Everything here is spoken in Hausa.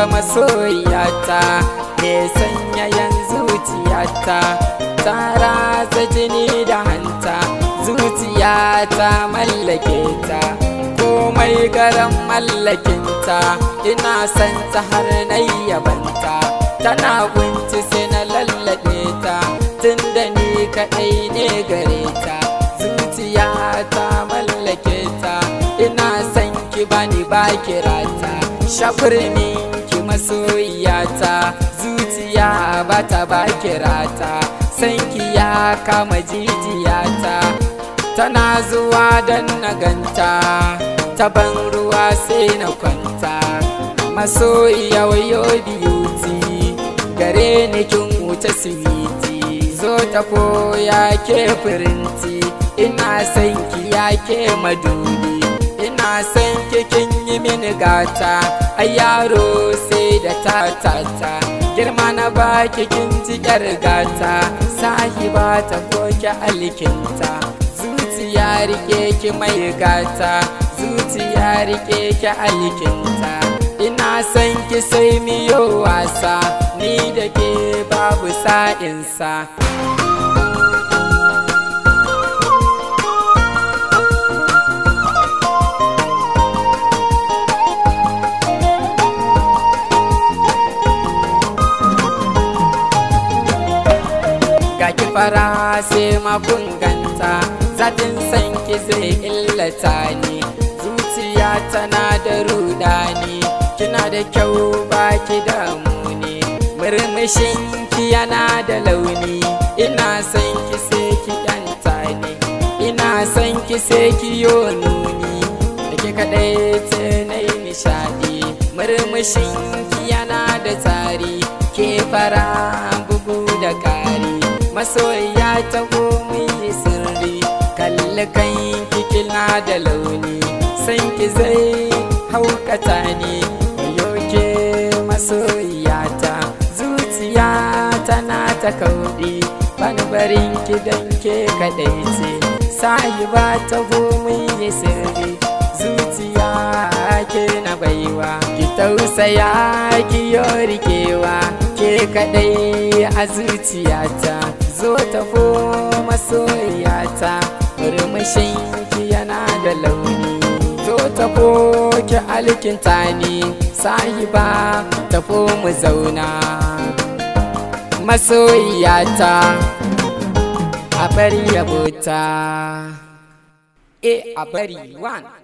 ga masoyata me sanya yanzu zuciyata ta ratsa jini da hanta zuciyata mallake ta komai garan mallakinta ina son ta har na yabanta tana kunci sai na lallaɓe ta tun da ni kaɗai ne gare ta zuciyata mallake ta ina son ki bani ba kirata shafir masoyiyata zuciya ba ta ba kirata sanki ya kama jijiyata tana zuwa don naganta ta ban ruwa sai na kwanta masoyiya wayo biyuti gare ni kin wuce siwiti zo ta ya ke firinti ina sankiya ya ke madubi Ina san kikin yi mini gata a yaro sai da ta-ta-ta girma na baki kin ji gata ba ta koke alkinta zuciya rike ki mai gata zuciya rike ki alikinta ina san ki sai miyo wasa ni da ke babu sa'insa ki fara sai magunganta zatin san ki zai illata ni zuciya tana da rudani kina da kyau baki ki damu ne murmushin ki yana da launi ina san ki sai ki danta ne ina san ki sai ki yo nuni da ki kadai ce na nishadi murmushin ki yana da tsari ke fara bugu da kari masoya ta komi sirri kalli kan kikina da launi san ki zai haukata ne yoke masoyiya ta zuciya tana ta kauɗi bani barin ki don ke kaɗai ce Sahi ba ta komi sirri zuciya ke na baiwa ki tausaya ki yorikewa kadai a zuciyata zo tafo masoyata rumushin ki yana da launi zo tafo ki alkinta ni sahiba tafo mu zauna masoyata a bari yabota e a bari one